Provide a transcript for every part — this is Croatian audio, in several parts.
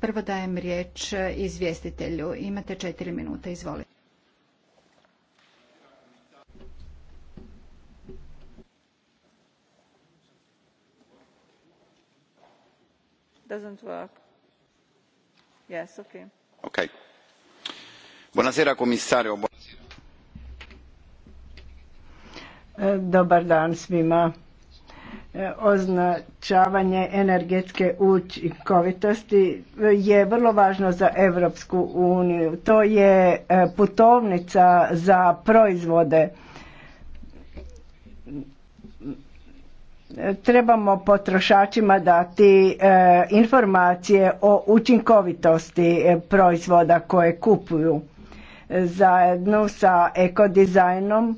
Prvo dajem riječ izvjestitelju. Imate četiri minute, izvolite. Doesn't work. Yes, okay. Okay. Buonasera, komisario. Dobar dan svima. E, označavanje energetske učinkovitosti je vrlo važno za Europsku uniju. To je e, putovnica za proizvode. Trebamo potrošačima dati e, informacije o učinkovitosti proizvoda koje kupuju. Zajedno sa ekodizajnom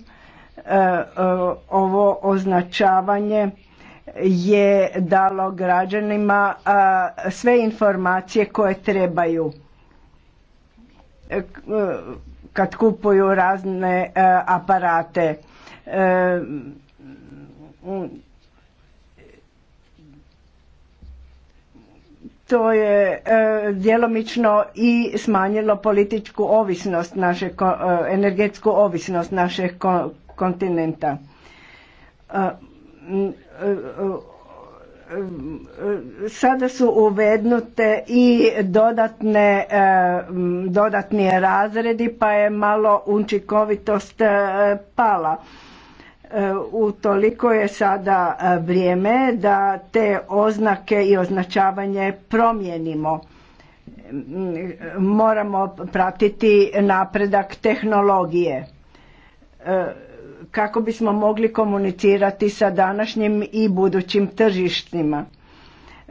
ovo označavanje je dalo građanima sve informacije koje trebaju e, e, kad kupuju razne e, aparate to je djelomično i smanjilo političku ovisnost naše energetsku ovisnost našeg kontinenta sada su uvednute i dodatne, e, dodatni razredi pa je malo učinkovitost e, pala. E, u toliko je sada vrijeme da te oznake i označavanje promijenimo. Moramo pratiti napredak tehnologije kako bismo mogli komunicirati sa današnjim i budućim tržištima.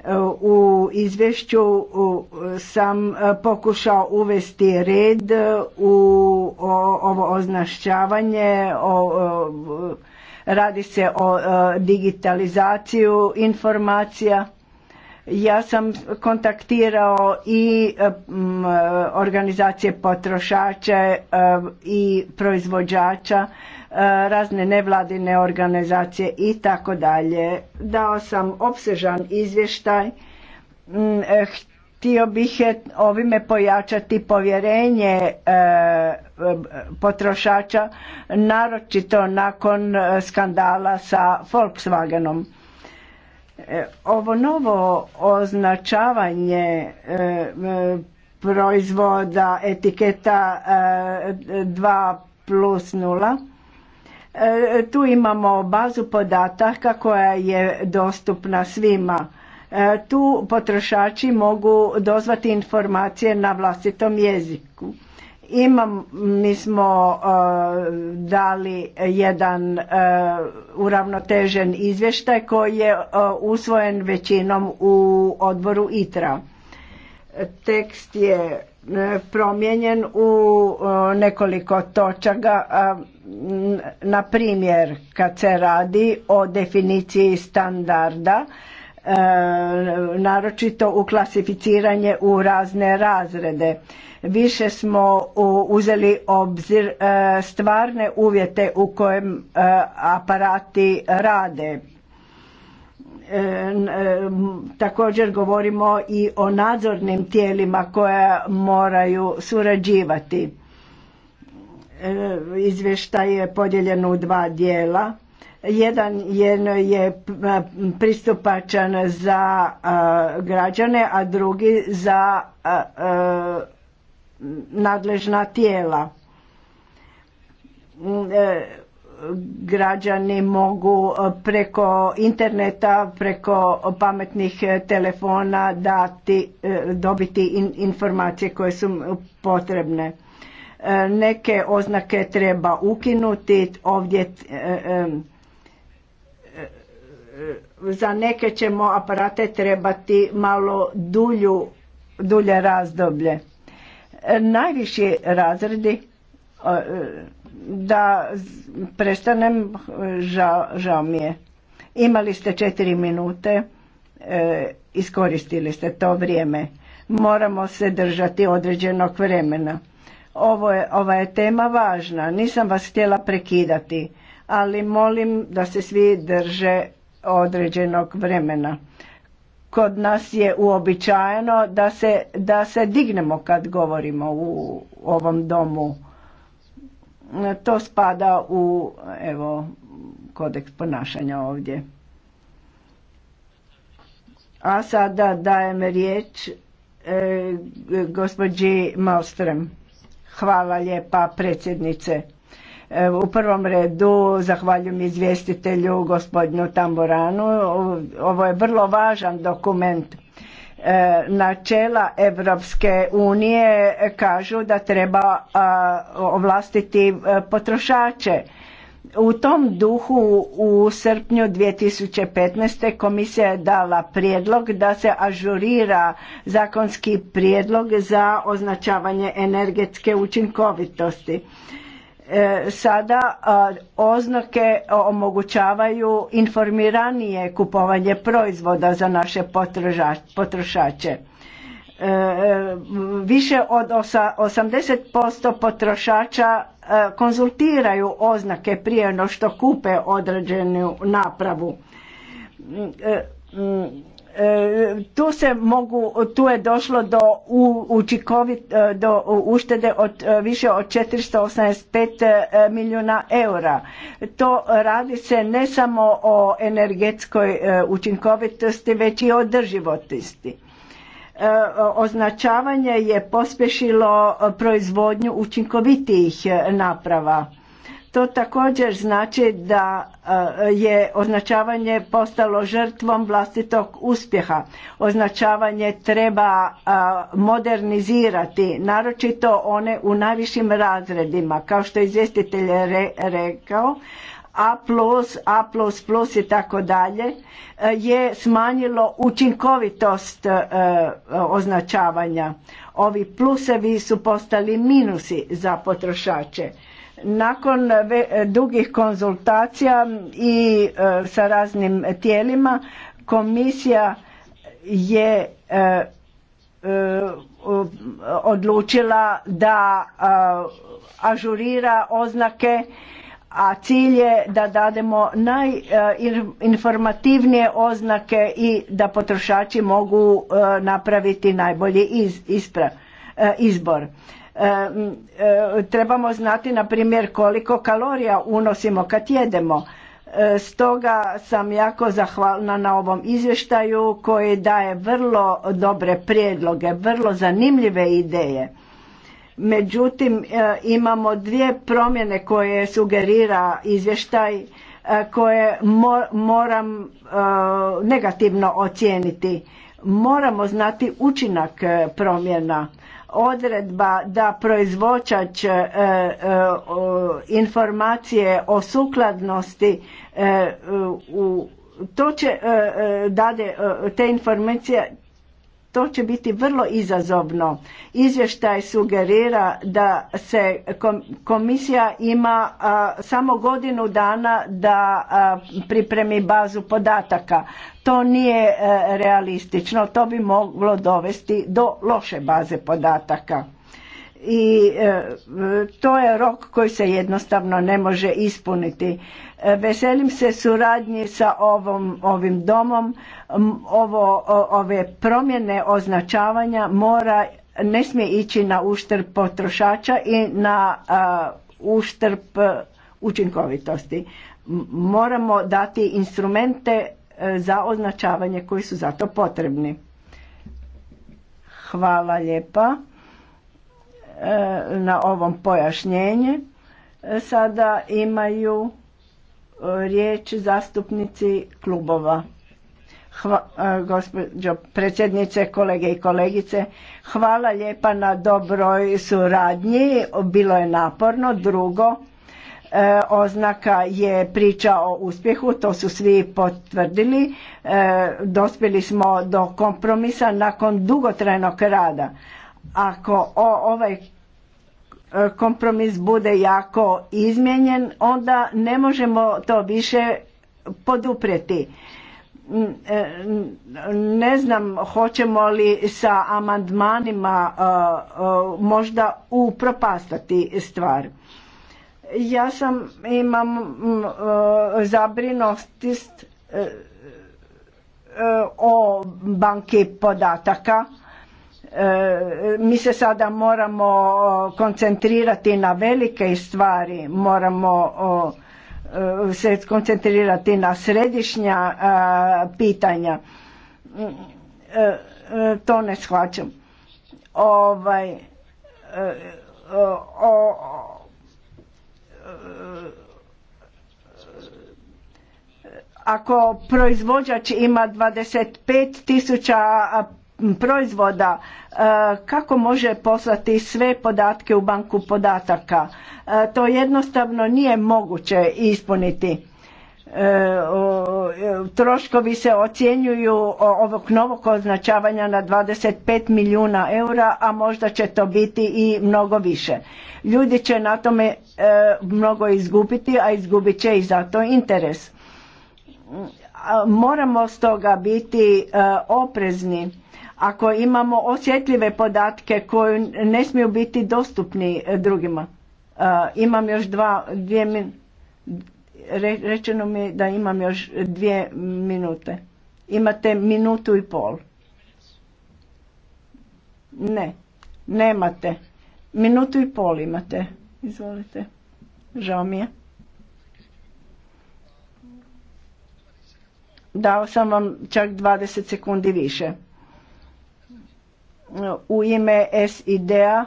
E, u izvješću sam e, pokušao uvesti red u ovo označavanje, radi se o e, digitalizaciju informacija. Ja sam kontaktirao i organizacije potrošače i proizvođača E, razne nevladine organizacije i tako dalje. Dao sam opsežan izvještaj. Mm, e, htio bih e, ovime pojačati povjerenje potrošača, naročito nakon skandala sa Volkswagenom. Ovo novo označavanje proizvoda etiketa 2 plus E, tu imamo bazu podataka koja je dostupna svima. E, tu potrošači mogu dozvati informacije na vlastitom jeziku. Imam, mi smo e, dali jedan uravnotežen izvještaj koji je usvojen većinom u odboru ITRA. Tekst je promijenjen u nekoliko točaka na primjer kad se radi o definiciji standarda e, naročito u klasificiranje u razne razrede više smo u, uzeli obzir e, stvarne uvjete u kojem e, aparati rade također govorimo i o nadzornim tijelima koja moraju surađivati E, izvještaj je podijeljen u dva dijela. Jedan je e, pristupačan za e, građane, a drugi za nadležna tijela. Mm, građani mogu preko interneta, preko pametnih telefona dati, dobiti informacije koje su potrebne E, neke oznake treba ukinuti, ovdje e, e, za neke ćemo aparate trebati malo dulju, dulje razdoblje. Najviši razredi da prestanem, žao, mi je. Imali ste četiri minute, iskoristili ste to vrijeme. Moramo se držati određenog vremena. Ovo je, ova je tema važna, nisam vas htjela prekidati, ali molim da se svi drže određenog vremena. Kod nas je uobičajeno da se, da se dignemo kad govorimo u ovom domu. To spada u evo, kodeks ponašanja ovdje. A sada dajem riječ e, gospođi Malstrem. Hvala lijepa predsjednice. U prvom redu zahvaljujem izvjestitelju gospodinu Tamboranu. Ovo je vrlo važan dokument. E, načela Evropske unije kažu da treba ovlastiti e, potrošače u tom duhu u srpnju 2015. komisija je dala prijedlog da se ažurira zakonski prijedlog za označavanje energetske učinkovitosti. E, sada oznake omogućavaju informiranije kupovanje proizvoda za naše potrošače E, e, više od 80% potrošača e, konzultiraju oznake prije no što kupe određenu napravu. Tu se mogu, tu je došlo do do uštede od više od 485 milijuna eura. To radi se ne samo o energetskoj učinkovitosti već i o održivosti E, označavanje je pospješilo proizvodnju učinkovitijih naprava. To također znači da e, je označavanje postalo žrtvom vlastitog uspjeha. Označavanje treba e, modernizirati, naročito one u najvišim razredima, kao što je izvjestitelj rekao, a+, A++ i tako dalje e, je smanjilo učinkovitost e, označavanja. Ovi plusevi su postali minusi za potrošače. Nakon dugih konzultacija i e, sa raznim tijelima komisija je odlučila da ažurira oznake a cilj je da dademo najinformativnije e, oznake i da potrošači mogu e, napraviti najbolji e, izbor. Trebamo znati na primjer koliko kalorija unosimo kad jedemo. Stoga sam jako zahvalna na ovom izvještaju koji daje vrlo dobre prijedloge, vrlo zanimljive ideje Međutim, e, imamo dvije promjene koje sugerira izvještaj e, koje moram e, negativno ocijeniti. Moramo znati učinak promjena. Odredba da proizvođač informacije o sukladnosti u to će dade te informacije to će biti vrlo izazovno. Izvještaj sugerira da se komisija ima samo godinu dana da pripremi bazu podataka. To nije e, realistično, to bi moglo dovesti do loše baze podataka i e, to je rok koji se jednostavno ne može ispuniti. E, veselim se suradnji sa ovim domom, ovo, ove promjene označavanja mora ne smije ići na uštrb potrošača i na uštrb e, učinkovitosti. Moramo dati instrumente za označavanje koji su zato potrebni. Hvala lijepa. E, na ovom pojašnjenju e, Sada imaju e, riječ zastupnici klubova. gospođo predsjednice, kolege i kolegice, hvala lijepa na dobroj suradnji, bilo je naporno. Drugo, oznaka je priča o uspjehu, to su svi potvrdili. dospjeli smo do kompromisa nakon dugotrajnog rada. Ako ovaj e, kompromis bude jako izmijenjen, onda ne možemo to više poduprijeti. Mm, e, ne znam hoćemo li sa amandmanima e, možda upropastati stvar. Ja sam imam mm, zabrinutost o banki podataka E, mi se sada moramo koncentrirati na velike stvari, moramo e, se koncentrirati na središnja pitanja. E, to ne shvaćam. Ovaj, o, ako proizvođač ima 25 tisuća proizvoda e, kako može poslati sve podatke u banku podataka. E, to jednostavno nije moguće ispuniti. E, troškovi se ocjenjuju ovog novog označavanja na 25 milijuna eura, a možda će to biti i mnogo više. Ljudi će na tome mnogo izgubiti, a izgubit će i zato interes. Moramo stoga biti oprezni ako imamo osjetljive podatke koji ne smiju biti dostupni eh, drugima. Eh, imam još dva, dvije Rečeno mi je da imam još dvije minute. Imate minutu i pol. Ne, nemate. Minutu i pol imate. Izvolite. Žao mi je. Dao sam vam čak 20 sekundi više u ime SID-a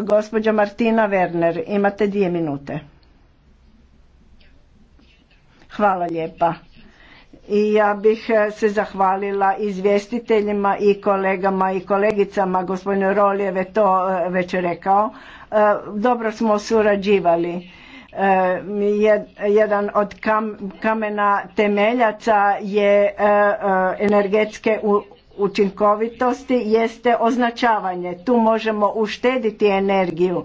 gospođa Martina Werner. Imate dvije minute. Hvala lijepa. I ja bih eh, se zahvalila izvjestiteljima i kolegama i kolegicama, gospodin Roljev je to eh, već rekao. Eh, dobro smo surađivali. Jedan od kamena temeljaca je energetske učinkovitosti jeste označavanje. Tu možemo uštediti energiju.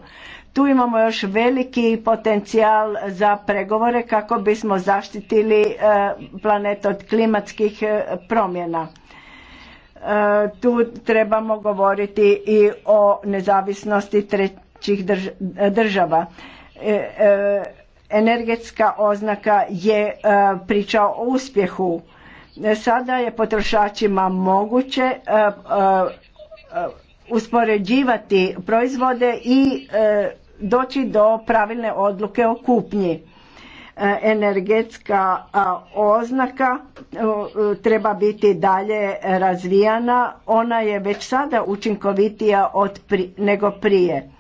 Tu imamo još veliki potencijal za pregovore kako bismo zaštitili e, planet od klimatskih e, promjena. E, tu trebamo govoriti i o nezavisnosti trećih država. Energetska oznaka je priča o uspjehu Sada je potrošačima moguće e, e, e, uspoređivati proizvode i doći do pravilne odluke o kupnji. Energetska oznaka treba biti dalje razvijana, ona je već sada učinkovitija od nego prije.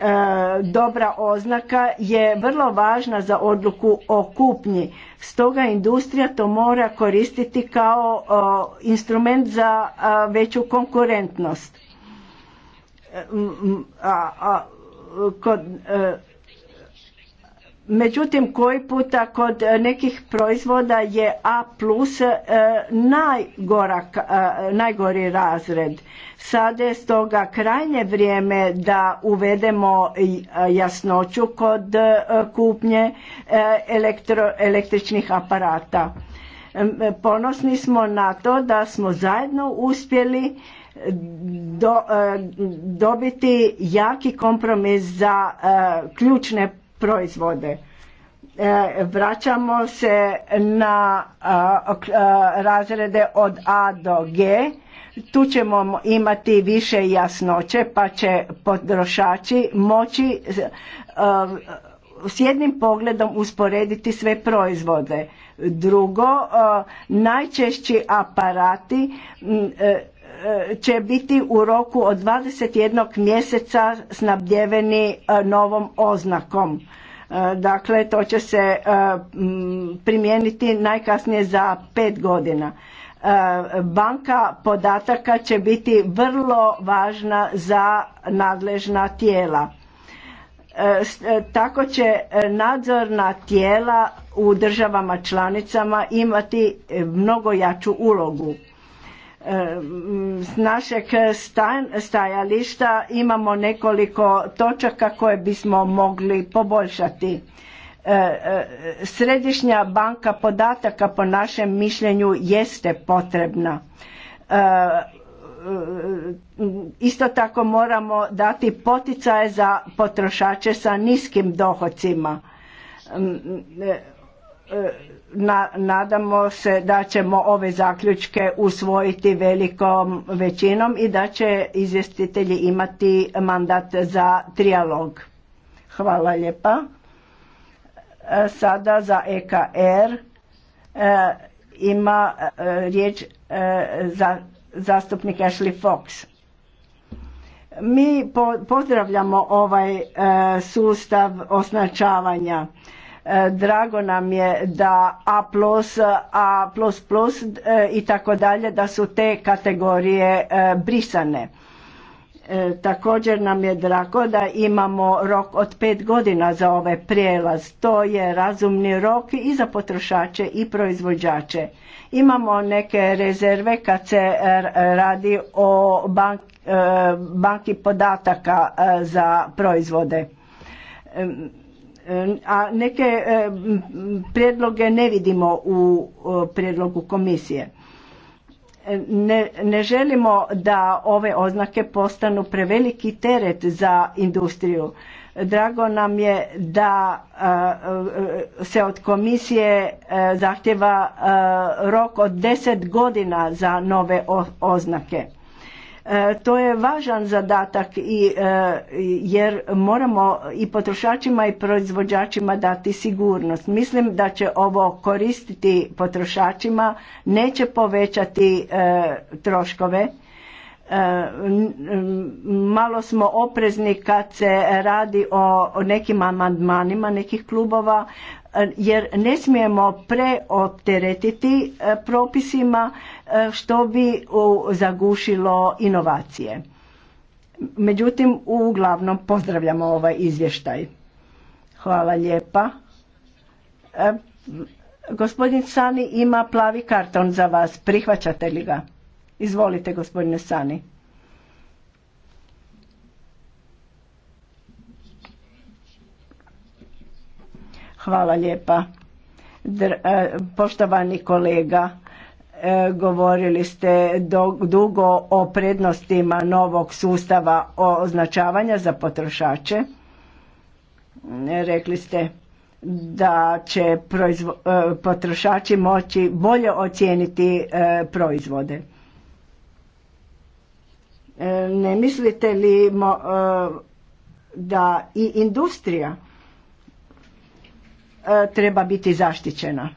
E, dobra oznaka je vrlo važna za odluku o kupnji. Stoga industrija to mora koristiti kao instrument za veću konkurentnost. E, kod e, Međutim, koji puta kod e, nekih proizvoda je A plus e, e, najgori razred. Sada je stoga krajnje vrijeme da uvedemo jasnoću kod kupnje elektro, električnih aparata. Ponosni smo na to da smo zajedno uspjeli dobiti jaki kompromis za ključne proizvode. E, vraćamo se na razrede od A do G. Tu ćemo imati više jasnoće pa će potrošači moći s jednim pogledom usporediti sve proizvode. Drugo, najčešći aparati e, e, će biti u roku od 21 mjeseca snabdjeveni novom oznakom E, dakle, to će se e, primijeniti najkasnije za pet godina. E, banka podataka će biti vrlo važna za nadležna tijela. Tako će nadzorna tijela u državama članicama imati mnogo jaču ulogu s našeg stajališta imamo nekoliko točaka koje bismo mogli poboljšati. E, e, Središnja banka podataka po našem mišljenju jeste potrebna. E, isto tako moramo dati poticaje za potrošače sa niskim dohocima na, nadamo se da ćemo ove zaključke usvojiti velikom većinom i da će izvjestitelji imati mandat za trijalog. Hvala lijepa. E, sada za EKR e, ima e, riječ za zastupnik Ashley Fox. Mi pozdravljamo ovaj sustav označavanja E, drago nam je da A+, A++ e, i tako dalje, da su te kategorije e, brisane. Također nam je drago da imamo rok od pet godina za ovaj prijelaz. To je razumni rok i za potrošače i proizvođače. Imamo neke rezerve kad se radi o banki podataka za proizvode a neke e, prijedloge ne vidimo u prijedlogu komisije. Ne, ne želimo da ove oznake postanu preveliki teret za industriju. Drago nam je da e, e, se od komisije zahtjeva rok od deset godina za nove oznake E, to je važan zadatak i e, jer moramo i potrošačima i proizvođačima dati sigurnost. Mislim da će ovo koristiti potrošačima, neće povećati e, troškove. Malo smo oprezni kad se radi o nekim amandmanima nekih klubova jer ne smijemo preopteretiti e, propisima e, što bi zagušilo inovacije. Međutim, uglavnom pozdravljamo ovaj izvještaj. Hvala lijepa. E, gospodin Sani ima plavi karton za vas. Prihvaćate li ga? Izvolite, gospodine Sani. Hvala lijepa. E, poštovani kolega, e, govorili ste dugo o prednostima novog sustava označavanja za potrošače. Rekli ste da će e, potrošači moći bolje ocijeniti proizvode. Ne mislite li da i industrija E, treba biti zaštićena.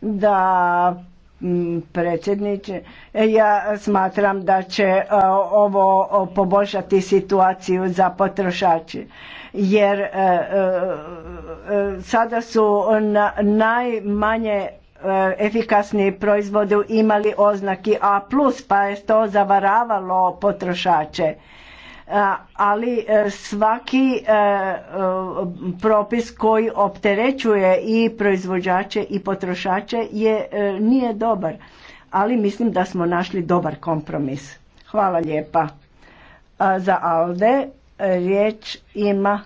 Da predsjedniče, ja smatram da će e, ovo poboljšati situaciju za potrošači jer e, sada su najmanje E, efikasni proizvodi imali oznaki A+, pa je to zavaravalo potrošače. E, ali e, svaki propis koji opterećuje i proizvođače i potrošače je, nije dobar. Ali mislim da smo našli dobar kompromis. Hvala lijepa. Za Alde riječ ima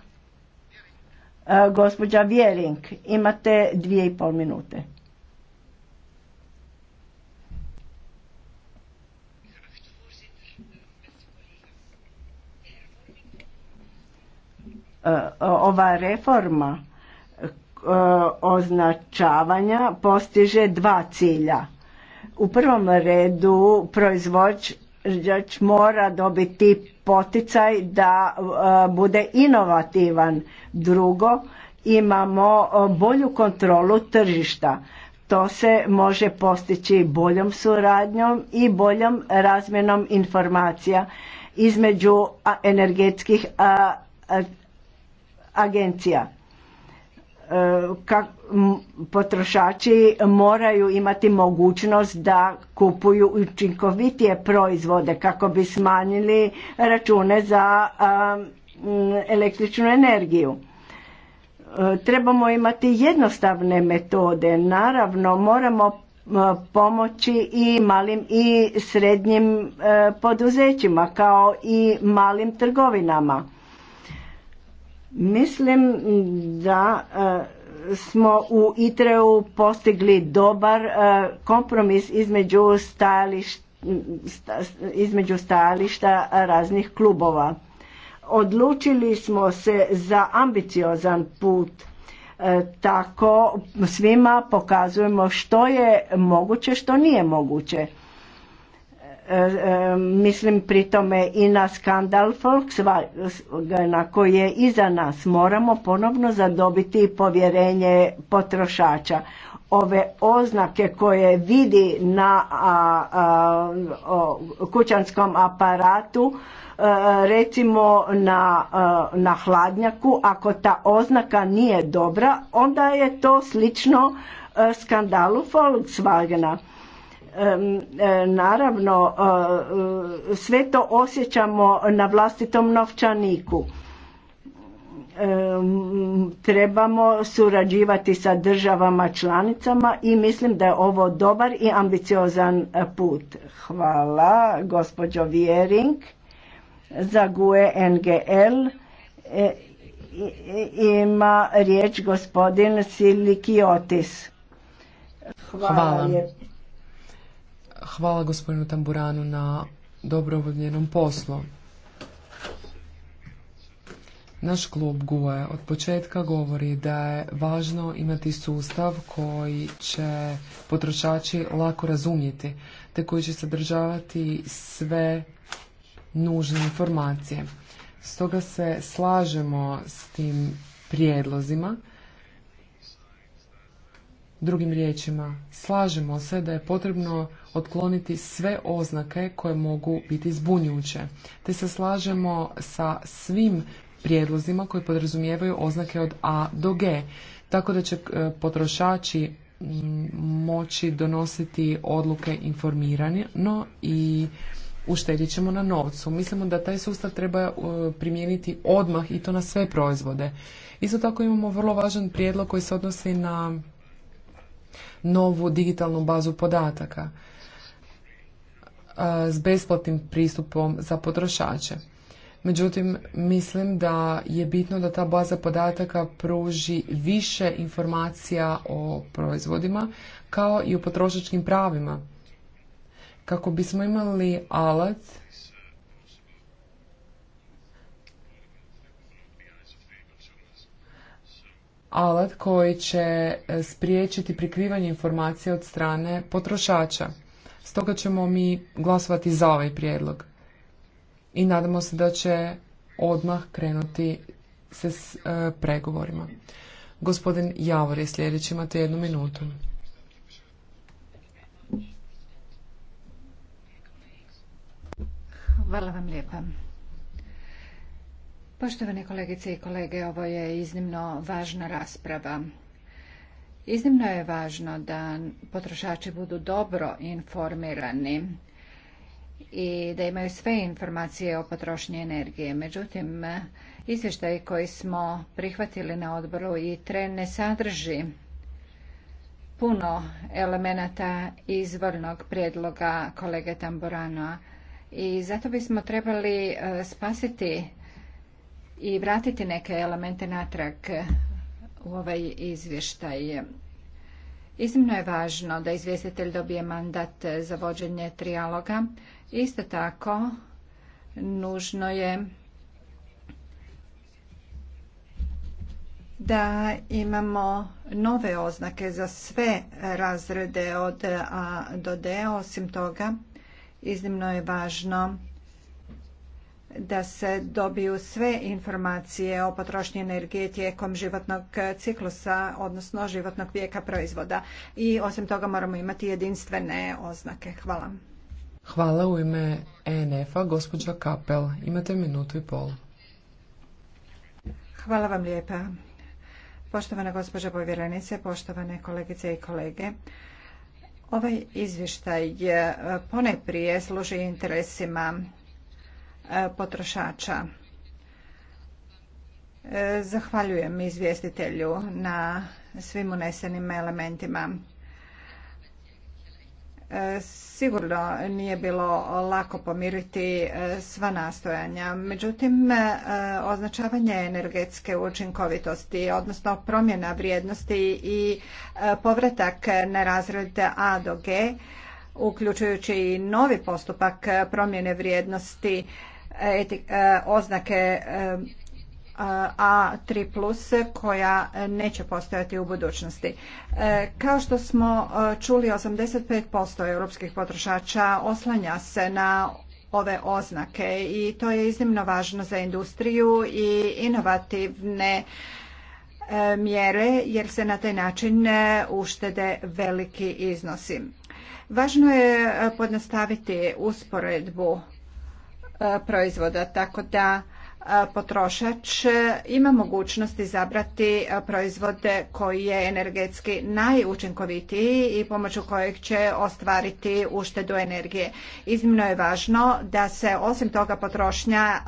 gospođa Vjering. Imate dvije i pol minute. E, ova reforma e, označavanja postiže dva cilja. U prvom redu proizvođač mora dobiti poticaj da e, bude inovativan. Drugo, imamo bolju kontrolu tržišta. To se može postići boljom suradnjom i boljom razmjenom informacija između energetskih agencija. E, potrošači moraju imati mogućnost da kupuju učinkovitije proizvode kako bi smanjili račune za električnu energiju. E, trebamo imati jednostavne metode. Naravno, moramo pomoći i malim i srednjim e, poduzećima kao i malim trgovinama Mislim da e, smo u ITRE-u postigli dobar e, kompromis između stajališta, između stajališta raznih klubova. Odlučili smo se za ambiciozan put e, tako svima pokazujemo što je moguće, što nije moguće mislim pri tome i na skandal Volkswagena koji je iza nas. Moramo ponovno zadobiti povjerenje potrošača. Ove oznake koje vidi na kućanskom aparatu, e, recimo na, e, na hladnjaku, ako ta oznaka nije dobra, onda je to slično e, skandalu Volkswagena E, naravno e, e, sve to osjećamo na vlastitom novčaniku trebamo surađivati sa državama članicama i mislim da je ovo dobar i ambiciozan put. Hvala gospođo Vjering za GUE NGL ima riječ gospodin Silikiotis. Hvala, Hvala. Hvala gospodinu Tamburanu na dobro poslu. Naš klub GUE od početka govori da je važno imati sustav koji će potrošači lako razumjeti, te koji će sadržavati sve nužne informacije. Stoga se slažemo s tim prijedlozima Drugim riječima, slažemo se da je potrebno otkloniti sve oznake koje mogu biti zbunjujuće, te se slažemo sa svim prijedlozima koji podrazumijevaju oznake od A do G, tako da će e, potrošači mm, moći donositi odluke informirano i uštedit ćemo na novcu. Mislimo da taj sustav treba e, primijeniti odmah i to na sve proizvode. Isto tako imamo vrlo važan prijedlog koji se odnosi na novu digitalnu bazu podataka e, s besplatnim pristupom za potrošače. Međutim, mislim da je bitno da ta baza podataka pruži više informacija o proizvodima kao i o potrošačkim pravima kako bismo imali alat alat koji će e, spriječiti prikrivanje informacija od strane potrošača. Stoga ćemo mi glasovati za ovaj prijedlog. I nadamo se da će odmah krenuti se s e, pregovorima. Gospodin Javor je sljedeći, imate jednu minutu. Hvala vam lijepa. Poštovane kolegice i kolege, ovo je iznimno važna rasprava. Iznimno je važno da potrošači budu dobro informirani i da imaju sve informacije o potrošnji energije. Međutim, izvještaj koji smo prihvatili na odboru i tren ne sadrži puno elemenata izvornog prijedloga kolege tamborana i zato bismo trebali e, spasiti i vratiti neke elemente natrag u ovaj izvještaj. Iznimno je važno da izvjestitelj dobije mandat za vođenje trijaloga. Isto tako, nužno je da imamo nove oznake za sve razrede od A do D. Osim toga, iznimno je važno da se dobiju sve informacije o potrošnji energije tijekom životnog ciklusa, odnosno životnog vijeka proizvoda. I osim toga moramo imati jedinstvene oznake. Hvala. Hvala u ime ENF-a, gospođa Kapel. Imate minutu i pol. Hvala vam lijepa. Poštovana gospođa povjerenice, poštovane kolegice i kolege. Ovaj izvještaj poneprije služi interesima E, potrošača. E, zahvaljujem izvjestitelju na svim unesenim elementima. E, sigurno nije bilo lako pomiriti sva nastojanja, međutim označavanje energetske učinkovitosti, odnosno promjena vrijednosti i povratak na razred A do G, uključujući i novi postupak promjene vrijednosti E, oznake e, A3 koja neće postojati u budućnosti. E, kao što smo čuli, 85% europskih potrošača oslanja se na ove oznake i to je iznimno važno za industriju i inovativne mjere jer se na taj način uštede veliki iznosi. Važno je podnastaviti usporedbu E, proizvoda, tako da e, potrošač e, ima mogućnost izabrati proizvode koji je energetski najučinkovitiji i pomoću kojeg će ostvariti uštedu energije. Iznimno je važno da se osim toga potrošnja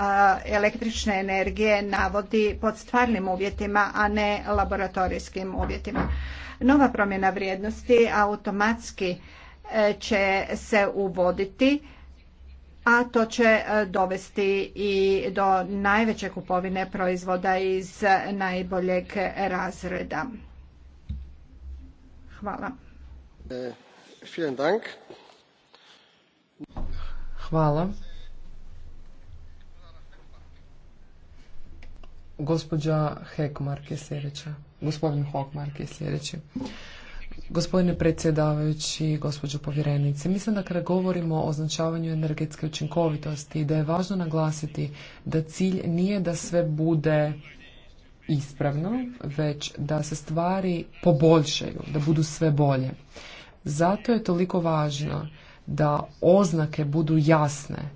električne energije navodi pod stvarnim uvjetima, a ne laboratorijskim uvjetima. Nova promjena vrijednosti automatski će se uvoditi a to će e, dovesti i do najveće kupovine proizvoda iz najboljeg razreda. Hvala. E, Hvala. Gospođa Hekmark je sljedeća. Gospodin Hekmark je sljedeći. Gospodine predsjedavajući, gospođo povjerenice, mislim da kada govorimo o označavanju energetske učinkovitosti, da je važno naglasiti da cilj nije da sve bude ispravno, već da se stvari poboljšaju, da budu sve bolje. Zato je toliko važno da oznake budu jasne,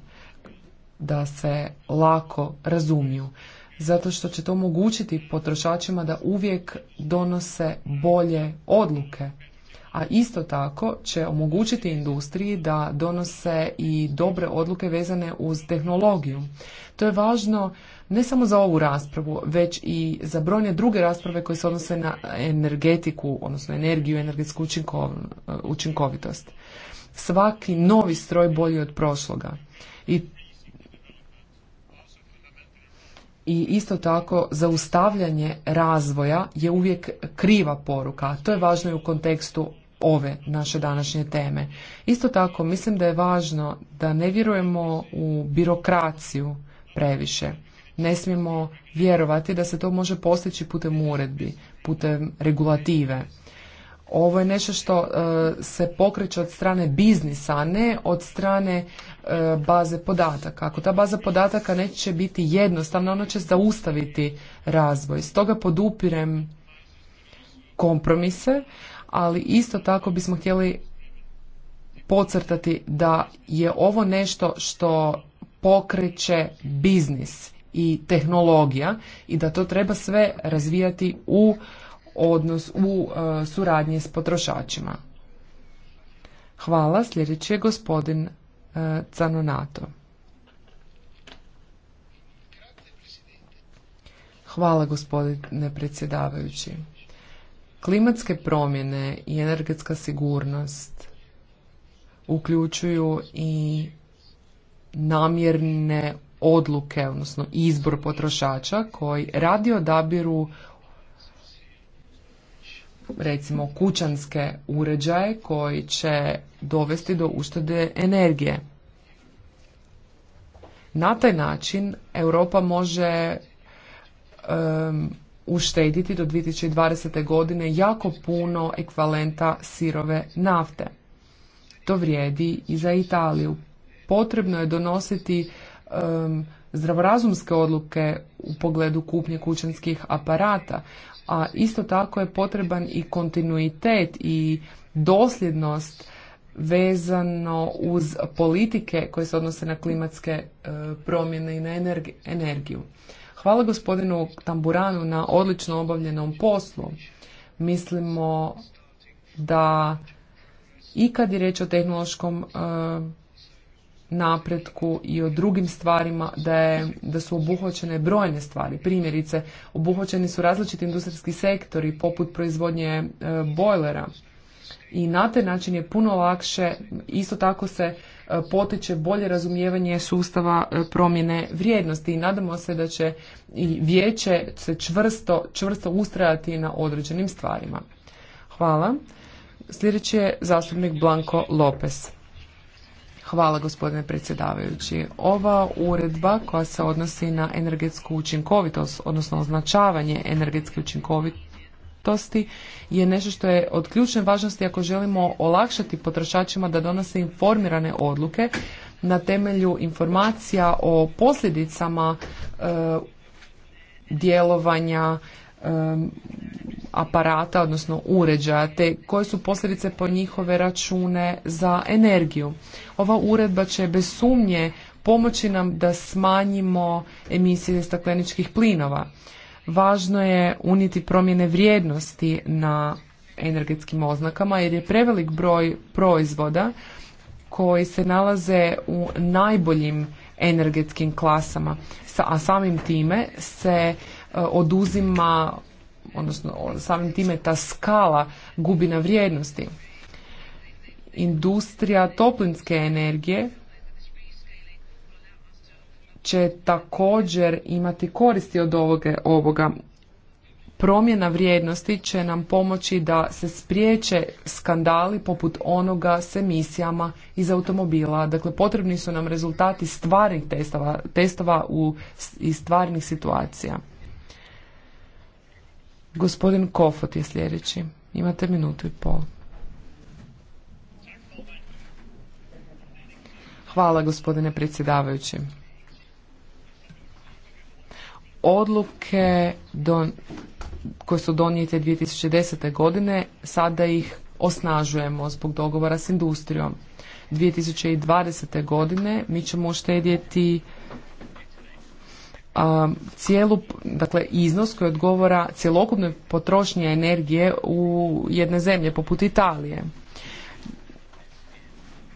da se lako razumiju zato što će to omogućiti potrošačima da uvijek donose bolje odluke a isto tako će omogućiti industriji da donose i dobre odluke vezane uz tehnologiju. To je važno ne samo za ovu raspravu, već i za brojne druge rasprave koje se odnose na energetiku, odnosno energiju, energetsku učinkovitost. Svaki novi stroj bolji od prošloga. I i isto tako zaustavljanje razvoja je uvijek kriva poruka. To je važno i u kontekstu ove naše današnje teme. Isto tako mislim da je važno da ne vjerujemo u birokraciju previše. Ne smijemo vjerovati da se to može postići putem uredbi, putem regulative. Ovo je nešto što e, se pokreće od strane biznisa, a ne od strane e, baze podataka. Ako ta baza podataka neće biti jednostavna, ona će zaustaviti razvoj. Stoga podupirem kompromise, ali isto tako bismo htjeli pocrtati da je ovo nešto što pokreće biznis i tehnologija i da to treba sve razvijati u odnos u e, suradnji s potrošačima. Hvala, sljedeći je gospodin e, Canonato. Hvala gospodine predsjedavajući. Klimatske promjene i energetska sigurnost uključuju i namjerne odluke, odnosno izbor potrošača koji radi odabiru recimo kućanske uređaje koji će dovesti do uštede energije. Na taj način Europa može um, uštediti do 2020. godine jako puno ekvalenta sirove nafte. To vrijedi i za Italiju. Potrebno je donositi um, zdravorazumske odluke u pogledu kupnje kućanskih aparata, a isto tako je potreban i kontinuitet i dosljednost vezano uz politike koje se odnose na klimatske e, promjene i na energiju. Hvala gospodinu Tamburanu na odlično obavljenom poslu. Mislimo da i kad je riječ o tehnološkom e, napretku i o drugim stvarima, da, je, da su obuhvaćene brojne stvari. Primjerice, obuhvaćeni su različiti industrijski sektori poput proizvodnje e, bojlera i na taj način je puno lakše, isto tako se e, potiče bolje razumijevanje sustava e, promjene vrijednosti i nadamo se da će i vijeće se čvrsto, čvrsto ustrajati na određenim stvarima. Hvala. Sljedeći je zastupnik Blanko Lopez. Hvala gospodine predsjedavajući. Ova uredba koja se odnosi na energetsku učinkovitost, odnosno označavanje energetske učinkovitosti je nešto što je od ključne važnosti ako želimo olakšati potrošačima da donose informirane odluke na temelju informacija o posljedicama e, djelovanja e, aparata, odnosno uređaja, te koje su posljedice po njihove račune za energiju. Ova uredba će bez sumnje pomoći nam da smanjimo emisije stakleničkih plinova. Važno je unijeti promjene vrijednosti na energetskim oznakama jer je prevelik broj proizvoda koji se nalaze u najboljim energetskim klasama, a samim time se e, oduzima odnosno samim time ta skala gubi na vrijednosti. Industrija toplinske energije će također imati koristi od ovoga, ovoga. Promjena vrijednosti će nam pomoći da se spriječe skandali poput onoga s emisijama iz automobila. Dakle, potrebni su nam rezultati stvarnih testova, testova u, iz stvarnih situacija. Gospodin Kofot je sljedeći. Imate minutu i pol. Hvala gospodine predsjedavajući. Odluke don, koje su donijete 2010. godine sada ih osnažujemo zbog dogovora s industrijom. 2020. godine mi ćemo uštedjeti cijelu, dakle iznos koji odgovara cjelokupnoj potrošnji energije u jedne zemlje poput Italije.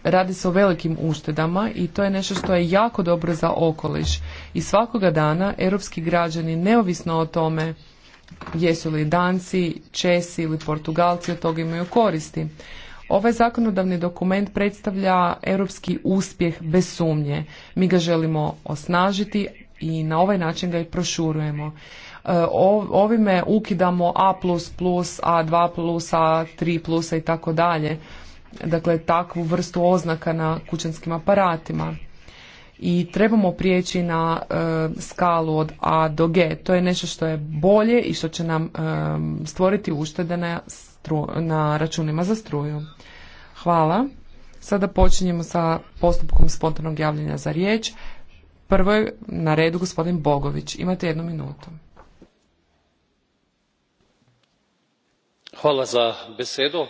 Radi se o velikim uštedama i to je nešto što je jako dobro za okoliš. I svakoga dana europski građani, neovisno o tome jesu li Danci, Česi ili Portugalci od toga imaju koristi. Ovaj zakonodavni dokument predstavlja europski uspjeh bez sumnje. Mi ga želimo osnažiti, i na ovaj način ga i prošurujemo. E, ovime ukidamo A++, A2+, A3+, i tako dalje. Dakle, takvu vrstu oznaka na kućanskim aparatima. I trebamo prijeći na e, skalu od A do G. To je nešto što je bolje i što će nam e, stvoriti uštede na, na računima za struju. Hvala. Sada počinjemo sa postupkom spontanog javljanja za riječ. Prvo je na redu gospodin Bogović. Imate jednu minutu. Hvala za besedu.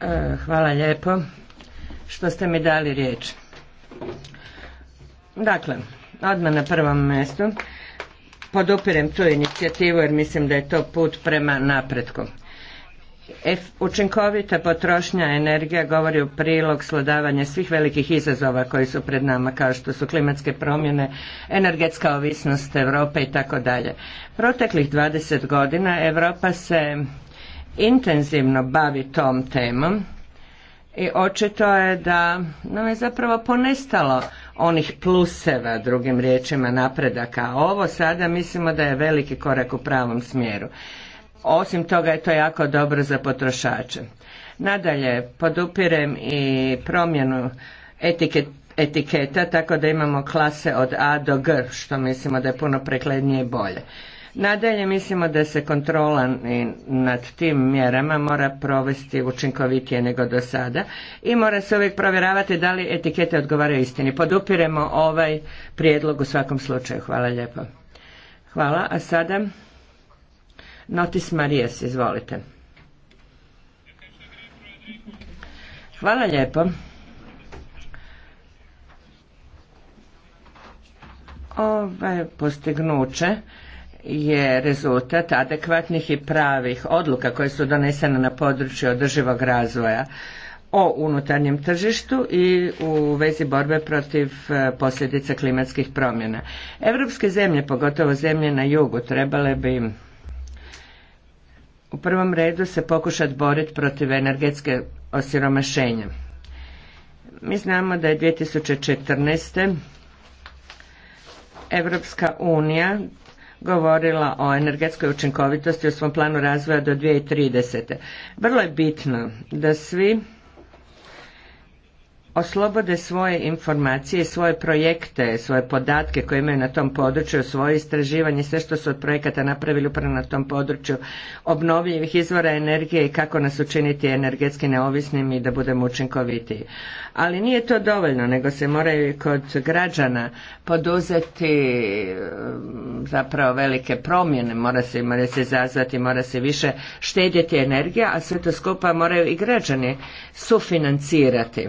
E, hvala lijepo što ste mi dali riječ. Dakle, odmah na prvom mjestu podupirem tu inicijativu jer mislim da je to put prema napretku. Učinkovita potrošnja energija govori u prilog slodavanja svih velikih izazova koji su pred nama kao što su klimatske promjene, energetska ovisnost Europe i tako dalje. Proteklih 20 godina Europa se intenzivno bavi tom temom i očito je da nam je zapravo ponestalo onih pluseva, drugim riječima napredaka. ovo sada mislimo da je veliki korak u pravom smjeru. Osim toga je to jako dobro za potrošače. Nadalje, podupirem i promjenu etiket, etiketa tako da imamo klase od A do G, što mislimo da je puno preklednije i bolje. Nadalje mislimo da se kontrola nad tim mjerama mora provesti učinkovitije nego do sada i mora se uvijek provjeravati da li etikete odgovaraju istini. Podupiremo ovaj prijedlog u svakom slučaju. Hvala lijepo. Hvala, a sada... Notis Marijas, izvolite. Hvala lijepo. Ove postignuće je rezultat adekvatnih i pravih odluka koje su donesene na području održivog razvoja o unutarnjem tržištu i u vezi borbe protiv e, posljedica klimatskih promjena. Europske zemlje, pogotovo zemlje na jugu, trebale bi prvom redu se pokušati boriti protiv energetske osiromašenja. Mi znamo da je 2014. Evropska unija govorila o energetskoj učinkovitosti u svom planu razvoja do 2030. Vrlo je bitno da svi oslobode svoje informacije, svoje projekte, svoje podatke koje imaju na tom području, svoje istraživanje, sve što su od projekata napravili upravo na tom području obnovljivih izvora energije i kako nas učiniti energetski neovisnim i da budemo učinkovitiji. Ali nije to dovoljno, nego se moraju i kod građana poduzeti mm, zapravo velike promjene, mora se, mora se izazvati, mora se više štedjeti energija, a sve to skupa moraju i građani sufinancirati.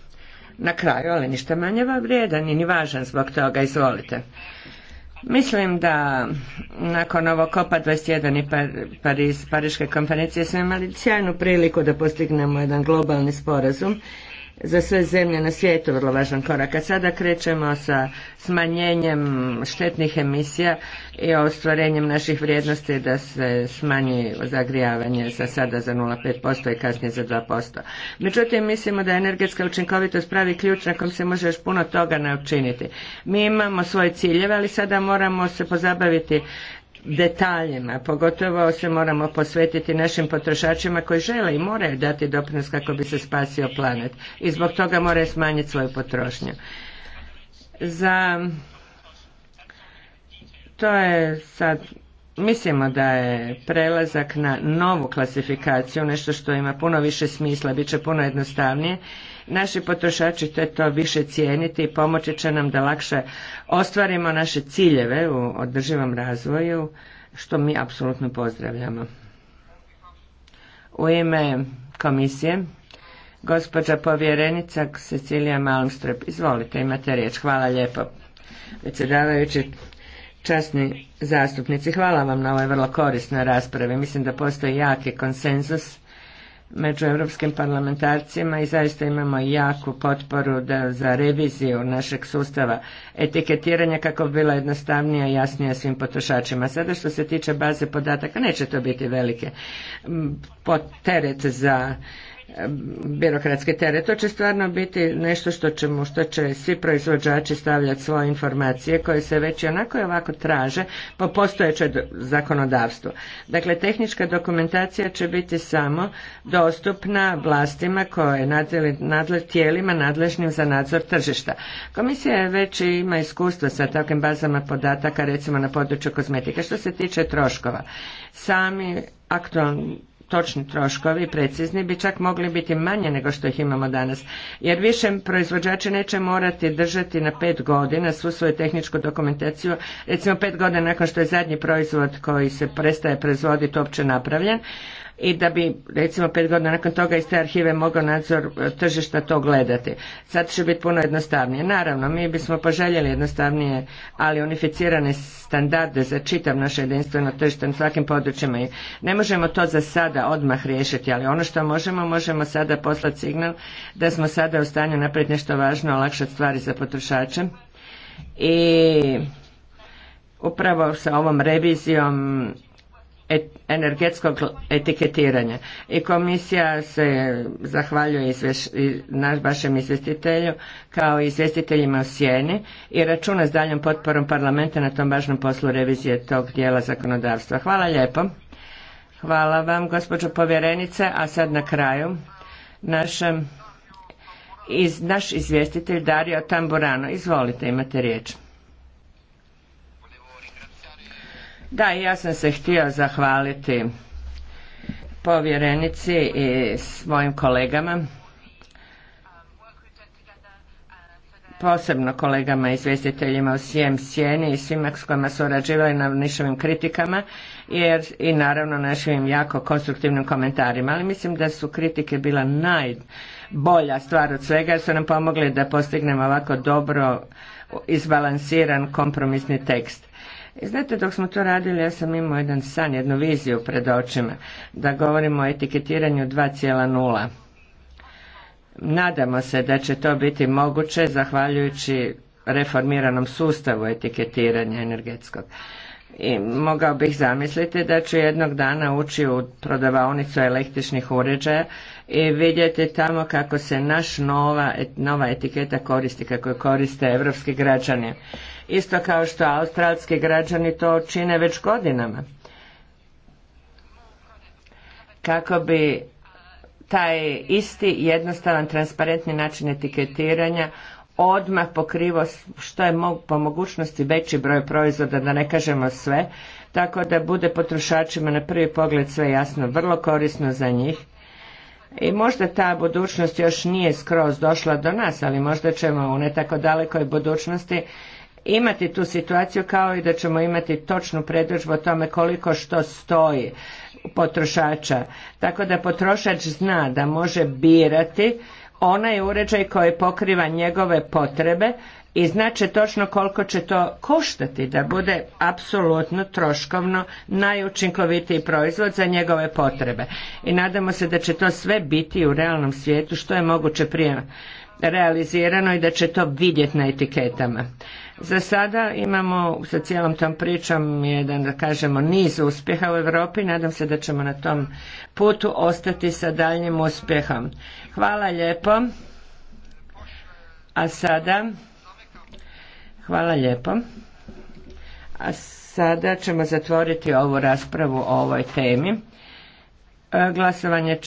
na kraju, ali ništa manje vam vrijedan i ni važan zbog toga, izvolite. Mislim da nakon ovo Kopa 21 i Pariške konferencije smo imali sjajnu priliku da postignemo jedan globalni sporazum za sve zemlje na svijetu vrlo važan korak. A sada krećemo sa smanjenjem štetnih emisija i ostvarenjem naših vrijednosti da se smanji zagrijavanje za sada za 0,5% i kasnije za 2%. Međutim, mislimo da je energetska učinkovitost pravi ključ na kom se može još puno toga naučiniti. Mi imamo svoje ciljeve, ali sada moramo se pozabaviti detaljima, pogotovo se moramo posvetiti našim potrošačima koji žele i moraju dati doprinos kako bi se spasio planet i zbog toga moraju smanjiti svoju potrošnju. Za to je sad Mislimo da je prelazak na novu klasifikaciju nešto što ima puno više smisla, bit će puno jednostavnije Naši potrošači će to više cijeniti i pomoći će nam da lakše ostvarimo naše ciljeve u održivom razvoju, što mi apsolutno pozdravljamo. U ime komisije, gospođa povjerenica Cecilija Malmstrup, izvolite, imate riječ. Hvala lijepo, predsjedavajući časni zastupnici. Hvala vam na ovoj vrlo korisnoj raspravi. Mislim da postoji jaki konsenzus među europskim parlamentarcima i zaista imamo jaku potporu da za reviziju našeg sustava etiketiranja kako bi bila jednostavnija i jasnija svim potrošačima. Sada što se tiče baze podataka, neće to biti velike teret za birokratski teret. To će stvarno biti nešto što, što će svi proizvođači stavljati svoje informacije koje se već i onako i ovako traže po postojećoj zakonodavstvu. Dakle, tehnička dokumentacija će biti samo dostupna vlastima koje nadle, tijelima nadležnim za nadzor tržišta. Komisija već i ima iskustva sa takvim bazama podataka recimo na području kozmetike. Što se tiče troškova, sami aktualni točni troškovi, precizni, bi čak mogli biti manje nego što ih imamo danas. Jer više proizvođači neće morati držati na pet godina svu svoju tehničku dokumentaciju, recimo pet godina nakon što je zadnji proizvod koji se prestaje proizvoditi uopće napravljen, i da bi recimo pet godina nakon toga iz te arhive mogao nadzor e, tržišta to gledati. Sad će biti puno jednostavnije. Naravno, mi bismo poželjeli jednostavnije, ali unificirane standarde za čitav naše jedinstveno tržište na svakim područjima. ne možemo to za sada odmah riješiti, ali ono što možemo, možemo sada poslati signal da smo sada u stanju napraviti nešto važno, olakšati stvari za potrošače. I upravo sa ovom revizijom energetskog etiketiranja. I komisija se zahvaljuje vašem izvjestitelju kao i izvjestiteljima u Sijeni i računa s daljom potporom parlamenta na tom važnom poslu revizije tog dijela zakonodavstva. Hvala lijepo. Hvala vam gospođo povjerenice, a sad na kraju naš izvjestitelj Dario Tamburano. Izvolite, imate riječ. Da, ja sam se htio zahvaliti povjerenici i svojim kolegama, posebno kolegama izvjestiteljima u Sijem Sjeni i svima s kojima su rađivali na nišovim kritikama jer, i naravno našim jako konstruktivnim komentarima, ali mislim da su kritike bila najbolja stvar od svega jer su nam pomogli da postignemo ovako dobro izbalansiran kompromisni tekst. I znate, dok smo to radili, ja sam imao jedan san, jednu viziju pred očima, da govorimo o etiketiranju 2.0. Nadamo se da će to biti moguće zahvaljujući reformiranom sustavu etiketiranja energetskog. I mogao bih zamisliti da ću jednog dana ući u prodavaonicu električnih uređaja i e, vidjeti tamo kako se naš nova, nova etiketa koristi, kako je koriste evropski građani. Isto kao što australski građani to čine već godinama. Kako bi taj isti jednostavan transparentni način etiketiranja odmah pokrivo što je po mogućnosti veći broj proizvoda, da ne kažemo sve, tako da bude potrošačima na prvi pogled sve jasno, vrlo korisno za njih i možda ta budućnost još nije skroz došla do nas, ali možda ćemo u ne tako dalekoj budućnosti imati tu situaciju kao i da ćemo imati točnu predodžbu o tome koliko što stoji potrošača. Tako da potrošač zna da može birati onaj uređaj koji pokriva njegove potrebe i znače točno koliko će to koštati da bude apsolutno troškovno najučinkovitiji proizvod za njegove potrebe. I nadamo se da će to sve biti u realnom svijetu što je moguće prije realizirano i da će to vidjeti na etiketama. Za sada imamo sa cijelom tom pričom jedan, da kažemo, niz uspjeha u Europi. Nadam se da ćemo na tom putu ostati sa daljnjim uspjehom. Hvala lijepo. A sada Hvala lijepo. A sada ćemo zatvoriti ovu raspravu o ovoj temi. E, glasovanje